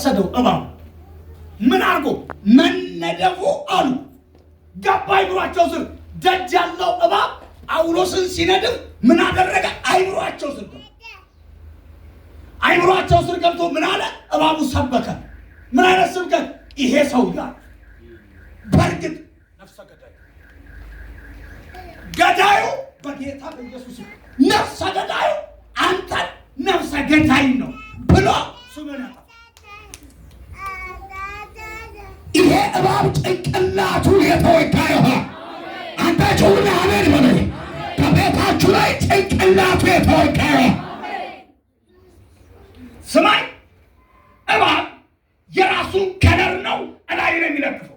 ወሰደው እባቡ። ምን አርጎ መነደፉ አሉ ገባ አይምሯቸው ስር ደጅ ያለው እባብ ጳውሎስን ሲነድፍ ምን አደረገ? አይምሯቸው ስር አይምሯቸው ስር ገብቶ ምን አለ? እባቡ ሰበከ። ምን አይነት ስብከት? ይሄ ሰው ጋር በእርግጥ ነፍሰ ገዳዩ ገዳዩ በጌታ በኢየሱስ ነፍሰ ገዳዩ አንተን ነፍሰ ገዳይ ነው ብሎ ስምነታ የእባብ ጭንቅላቱ የተወጋ ይሆናል። አንተ ጩሁና አሜን በሉ። ከቤታችሁ ላይ ጭንቅላቱ የተወጋ ይሆናል። ስማይ እባብ የራሱ ከለር ነው እላይ ነው የሚለጥፈው።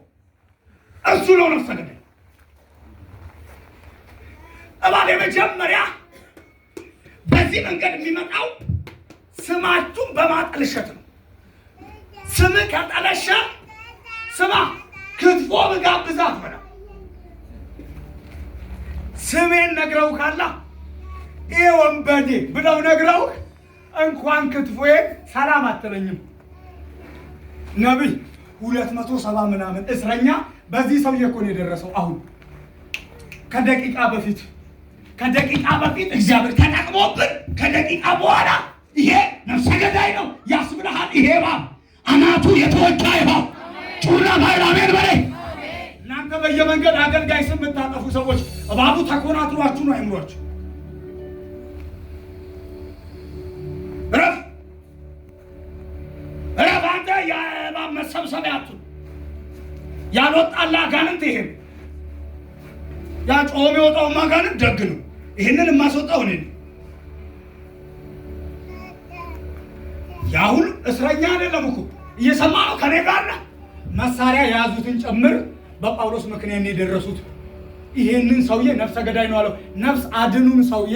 እሱ ነው ነፍሰ ገዳይ እባብ። የመጀመሪያ በዚህ መንገድ የሚመጣው ስማችሁን በማጠልሸት ነው። ስምህ ከጠለሸ ስማ ክትፎ ብጋብዛት በለው። ስሜን ነግረው ካላ ይሄ ወንበዴ ብለው ነግረው እንኳን ክትፎዬ ሰላም አትለኝም። ነቢይ ሁለት መቶ ሰባ ምናምን እስረኛ በዚህ ሰውዬ እኮ ነው የደረሰው። አሁን ከደቂቃ በፊት ከደቂቃ በፊት እግዚአብሔር ተጠቅሞብን ከደቂቃ በኋላ ይሄ ነፍሰ ገዳይ ነው ያስብልሃል። ይሄ ባ አናቱ የተወጋ እባብ ጩራ ፋይል አሜን በሬ እናንተ በየመንገድ አገልጋይ ስም የምታጠፉ ሰዎች እባቡ ተኮናትሯችሁ ነው አይምሯችሁ ረፍ ረፍ አንተ የእባብ መሰብሰቢያ ያልወጣላ አጋንንት ይሄ ደግ ነው። ይህንን የማስወጣው እኔ ነኝ። ያ ሁሉ እስረኛ አይደለም እኮ እየሰማ ነው ከኔ ጋር ነው መሳሪያ የያዙትን ጭምር በጳውሎስ ምክንያት የደረሱት። ይሄንን ሰውዬ ነፍሰ ገዳይ ነው አለው። ነፍስ አድኑን ሰውዬ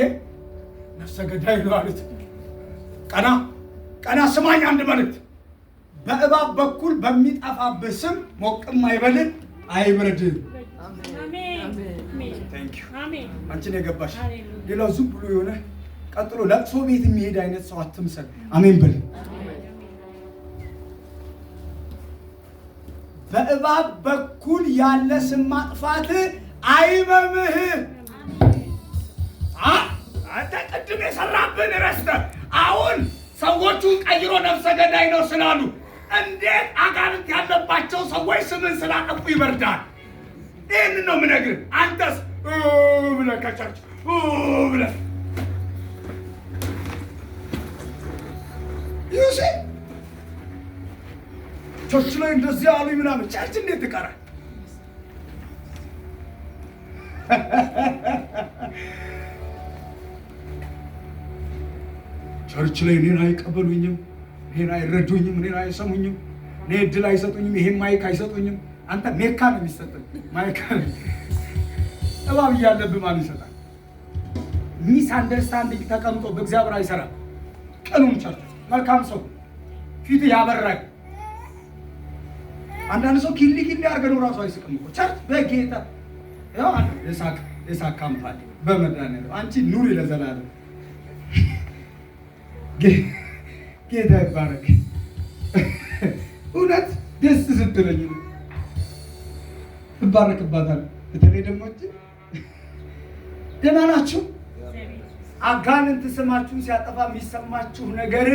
ነፍሰ ገዳይ ነው አሉት። ቀና ቀና፣ ስማኝ አንድ መልእክት በእባብ በኩል በሚጠፋብህ ስም ሞቅም አይበልን አይብረድም። አንቺን የገባሽ ሌላው ዝም ብሎ የሆነ ቀጥሎ ለቅሶ ቤት የሚሄድ አይነት ሰው አትምሰል። አሜን በል በእባብ በኩል ያለ ስም ማጥፋት አይመምህ። አንተ ቅድም የሰራብን ረስተ አሁን ሰዎቹን ቀይሮ ነፍሰ ገዳይ ነው ስላሉ እንዴት አጋንንት ያለባቸው ሰዎች ስምን ስላጠፉ ይበርዳል? ይህን ነው ምነግር። አንተስ ብለህ ከቻች ዩሴ ቸርች ላይ እንደዚህ አሉኝ ምናምን። ቸርች እንዴት ትቀራል? ቸርች ላይ እኔን አይቀበሉኝም፣ እኔን አይረዱኝም፣ እኔን አይሰሙኝም፣ እኔ እድል አይሰጡኝም፣ ይሄን ማይክ አይሰጡኝም። አንተ ሜካ ነው የሚሰጠኝ ማይክ እባብ እያለብህ ማን ይሰጣል? ሚስ አንደርስታንድ ተቀምጦ በእግዚአብሔር አይሰራም። ቀኑን ቸርች መልካም ሰው ፊት ያበራል። አንዳንድ ሰው ኪሊ ኪሊ አድርገን እራሱ አይስቅም እኮ ቸርች በጌታ ያው እሳቅ እሳቅ ካምፓል በመድኃኒዓለም አንቺ ኑሪ ለዘላለም ጌታ ይባረክ። እውነት ደስ ስትለኝ እባረክባታል። በተለይ ደግሞ ደህና ናችሁ። አጋንንት ስማችሁን ሲያጠፋ የሚሰማችሁ ነገር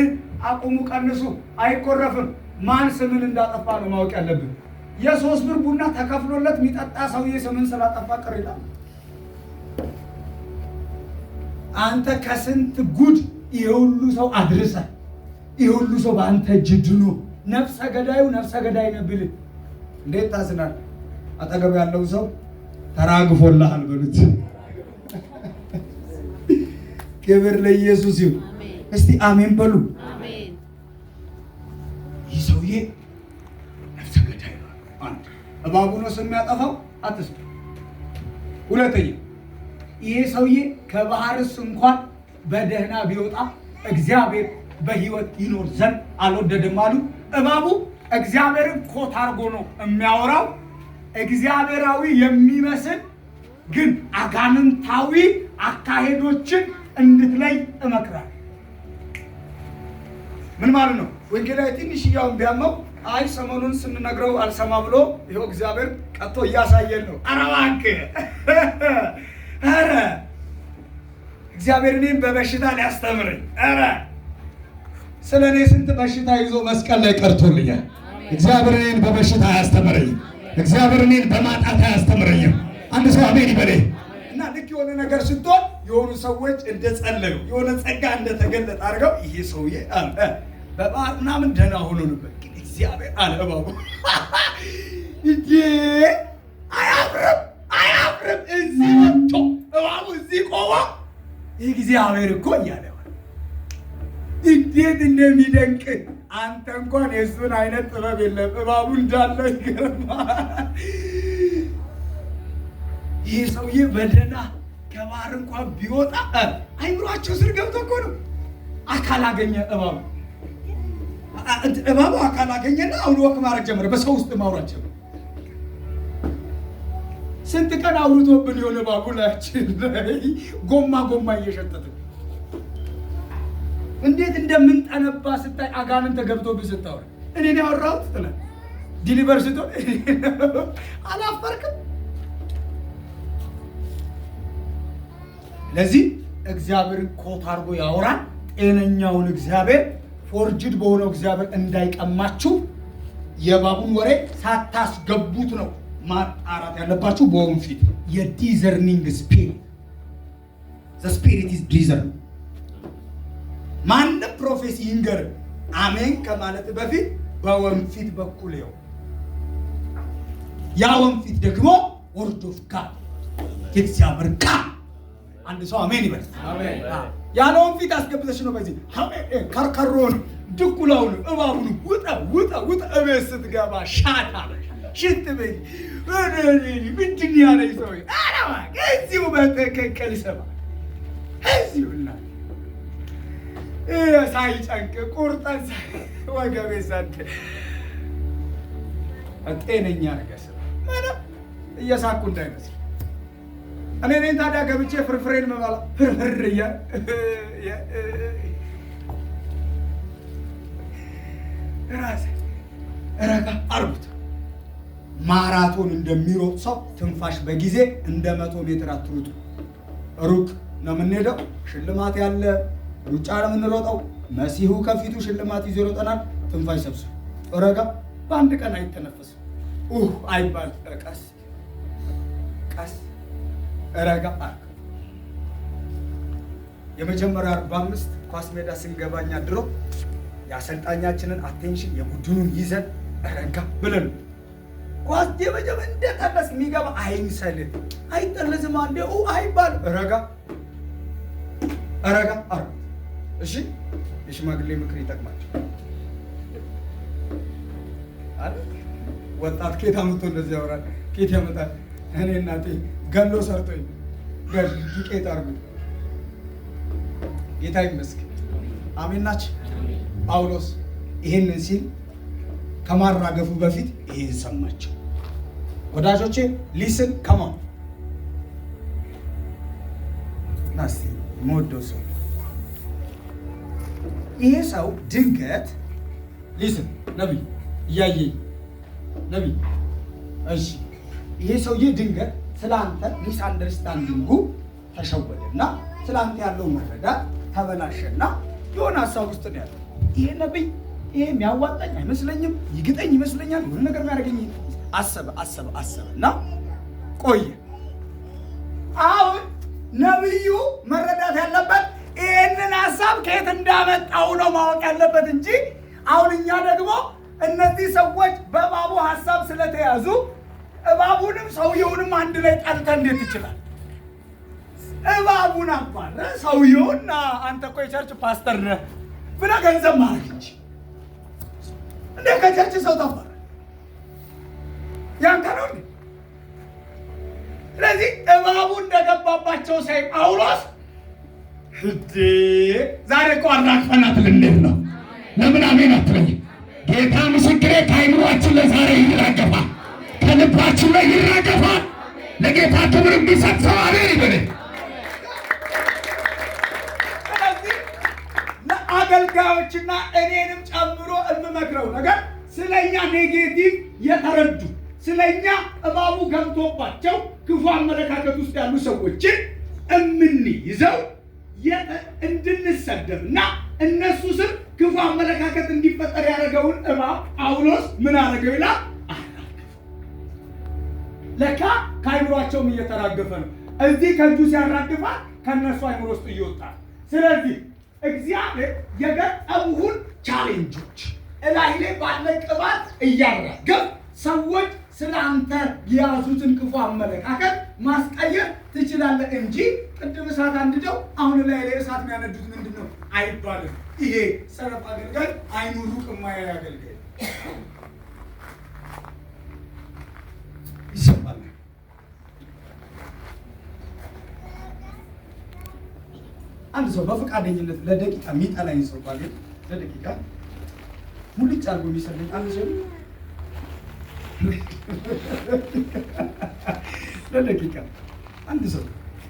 አቁሙ፣ ቀንሱ። አይቆረፍም። ማን ስምን እንዳጠፋ ነው ማወቅ ያለብን። የሶስት ብር ቡና ተከፍሎለት የሚጠጣ ሰውዬ ስምን ስላጠፋ ቅሬታ አንተ ከስንት ጉድ ይሄ ሁሉ ሰው አድርሰ ይሄ ሁሉ ሰው በአንተ ጅድኑ ነፍሰ ገዳዩ ነፍሰ ገዳይ ነብል እንዴት ታዝናል? አጠገብ ያለው ሰው ተራግፎልሃል በሉት። ክብር ለኢየሱስ ይሁን። እስቲ አሜን በሉ። ይህ ሰውዬ ነፍሰ ገዳይ ነው። አንድ እባቡን ሁለተኛ ይሄ ሰውዬ ከባህርስ እንኳን በደህና ቢወጣ እግዚአብሔር በህይወት ይኖር ዘንድ አልወደድም አሉ። እባቡ እግዚአብሔርን ኮት አድርጎ ነው የሚያወራው። እግዚአብሔራዊ የሚመስል ግን አጋንንታዊ አካሄዶችን እንድትለይ እመክራል። ምን ማለት ነው? ወንጌላዊ ትንሽ እያውን ቢያመው አይ ሰሞኑን ስንነግረው አልሰማ ብሎ ይኸው እግዚአብሔር ቀጥቶ እያሳየን ነው። ኧረ እባክህ ኧረ እግዚአብሔር እኔም በበሽታ ሊያስተምረኝ ኧረ ስለ እኔ ስንት በሽታ ይዞ መስቀል ላይ ቀርቶልኛል። እግዚአብሔር እኔን በበሽታ አያስተምረኝም። እግዚአብሔር እኔን በማጣት አያስተምረኝም። አንድ ሰው አሜን ይበለኝ እና ልክ የሆነ ነገር ስትሆን የሆኑ ሰዎች እንደጸለዩ የሆነ ጸጋ እንደተገለጠ አድርገው ይሄ ሰውዬ አለ በባህር ምናምን ደህና ሆኖ ነበር፣ ግን እግዚአብሔር አለ እባቡ አያፍርም አያፍርም። እዚህ መጥቶ እባቡ እዚህ ቆሞ እግዚአብሔር እኮ እያለ እንዴት እንደሚደንቅ አንተ እንኳን የእሱን አይነት ጥበብ የለም። እባቡ እንዳለ ይገርማ። ይህ ሰውዬ በደህና ቃል እንኳን ቢወጣ አይምሯቸው ስር ገብቶ እኮ ነው። አካል አገኘ እባቡ እባቡ አካል አገኘና አሁን ወክ ማድረግ ጀመረ። በሰው ውስጥ ማውራት ጀመረ። ስንት ቀን አውርቶብን የሆነ እባቡ ላያችን ጎማ ጎማ እየሸጠት እንዴት እንደምንጠነባ ስታይ አጋንን ተገብቶብን ስታወራ እኔ ያወራሁት ትላለህ። ዲሊቨር ስትሆን አላፈርክም ለዚህ እግዚአብሔርን ኮት አድርጎ ያወራል። ጤነኛውን እግዚአብሔር ፎርጅድ በሆነው እግዚአብሔር እንዳይቀማችሁ የባቡን ወሬ ሳታስገቡት ነው ማጣራት ያለባችሁ። በሆኑ ፊት የዲዘርኒንግ ስፒሪት ዘ ስፒሪት ኢዝ ዲዘርን ማንም ፕሮፌሲ ይንገር አሜን ከማለት በፊት በወንፊት በኩል ው ያ ወንፊት ደግሞ ወርዶፍ ጋር የእግዚአብሔር ቃል አንድ ሰው አሜን ይበል። ያለውን ፊት አስገብተሽ ነው። በዚህ ከርከሮን፣ ድኩላውን፣ እባቡን ውጣ ውጣ ውጣ። እቤት ስትገባ ሻታ ሽንት በይ። ምንድን ያለኝ ሰው እዚሁ በትክክል ስማ፣ እዚሁና ሳይጨንቅ ቁርጠን ወገቤ ሰድ ጤነኛ ነገር ስማ። ምንም እየሳኩ እንዳይመስል እኔ እኔን ታዲያ ገብቼ ፍርፍሬን መባላ ፍርፍር እያ ራሴ ረጋ አርጉት። ማራቶን እንደሚሮጥ ሰው ትንፋሽ በጊዜ እንደ መቶ ሜትር አትሩጡ። ሩቅ ነው የምንሄደው፣ ሽልማት ያለ ሩጫ ነው የምንሮጠው። መሲሁ ከፊቱ ሽልማት ይዞ ይሮጠናል። ትንፋሽ ሰብስብ፣ ረጋ። በአንድ ቀን አይተነፈስም። ኡህ አይባል። ቀስ ቀስ ረጋ አርክ የመጀመሪያው አርባ ኳስ ሜዳ ስንገባኛ ድሮ የአሰልጣኛችንን አቴንሽን የቡድኑን ይዘን ረጋ ብለን ኳስ የመጀመ እንደጠለስ የሚገባ አይምሰልን አይጠለስም። አንዴ አይባል ረጋ ረጋ አርክ። እሺ የሽማግሌ ምክር ይጠቅማቸው ወጣት ኬት አምቶ እንደዚህ ያወራል? ኬት ያመጣል? እኔ እናቴ ገሎ ሰርቶኝ ዱቄት አርጉ። ጌታ ይመስገን። አሜን ናች። ጳውሎስ ይህንን ሲል ከማራገፉ በፊት ይህን ሰማቸው። ወዳጆቼ ሊስን ከማ ናስ መወደው ሰው ይሄ ሰው ድንገት ሊስን ነቢይ እያየኝ ነቢይ እሺ ይሄ ሰውዬ ድንገት ስለአንተ ሚስ አንደርስታንዲንጉ ተሸወደና ስለአንተ ያለው መረዳት ተበላሸና የሆነ ሀሳብ ውስጥ ነው ያለው። ይሄ ነብይ ይሄ የሚያዋጣኝ አይመስለኝም፣ ይግጠኝ ይመስለኛል፣ የሆነ ነገር የሚያደርገኝ አሰበ አሰበ አሰበ እና ቆየ። አሁን ነብዩ መረዳት ያለበት ይህንን ሀሳብ ከየት እንዳመጣው ነው ማወቅ ያለበት እንጂ አሁን እኛ ደግሞ እነዚህ ሰዎች በባቡ ሀሳብ ስለተያዙ እባቡንም ሰውየውንም አንድ ላይ ጠርተ እንዴት ይችላል? እባቡን አባረ ሰውየውን አንተ እኮ የቸርች ፓስተር ነህ ብለ ገንዘብ ማረች እንዴ? ከቸርች ሰው ታባረ ያንተ ነው ስለዚህ እባቡ እንደገባባቸው ሳይ ጳውሎስ ህዴ ዛሬ እኮ አራክፈናት ልንል ነው። ለምን አሜን አትለኝ? ጌታ ምስክሬ ከአይምሯችን ለዛሬ ይራገፋል። በልባችሁ ላይ ይረገፋል። ለጌታ ክብር የሚሰጥ ሰው አሜን ይበል። ስለዚህ እኔንም ጨምሮ የምመክረው ነገር ስለኛ ኔጌቲቭ የተረዱ ስለኛ እባቡ ገብቶባቸው ክፉ አመለካከት ውስጥ ያሉ ሰዎችን እምንይዘው እንድንሰደብና እነሱ ስም ክፉ አመለካከት እንዲፈጠር ያደረገውን እባብ ጳውሎስ ምን አደረገው ይላል ለካ ከአይምሯቸውም እየተራገፈ ነው። እዚህ ከእጁ ሲያራግፋት ከእነሱ አይምሮ ውስጥ እየወጣል። ስለዚህ እግዚአብሔር የገጠሙሁን ቻሌንጆች እላይ ላይ ባለ ቅባት እያራገፍ ሰዎች ስለ አንተ የያዙትን ክፉ አመለካከት ማስቀየር ትችላለህ እንጂ ቅድም እሳት አንድደው አሁን ላይ ላይ እሳት የሚያነዱት ምንድን ነው አይባልም። ይሄ ሰረፍ አገልጋይ አይኑሩ ሩቅ የማያይ አገልጋይ አንድ ሰው በፈቃደኝነት ለደቂቃ የሚጠላኝ ሰው ባገኝ ለደቂቃ ሙልጭ አድርጎ የሚሰለኝ አንድ ሰው ለደቂቃ አንድ ሰው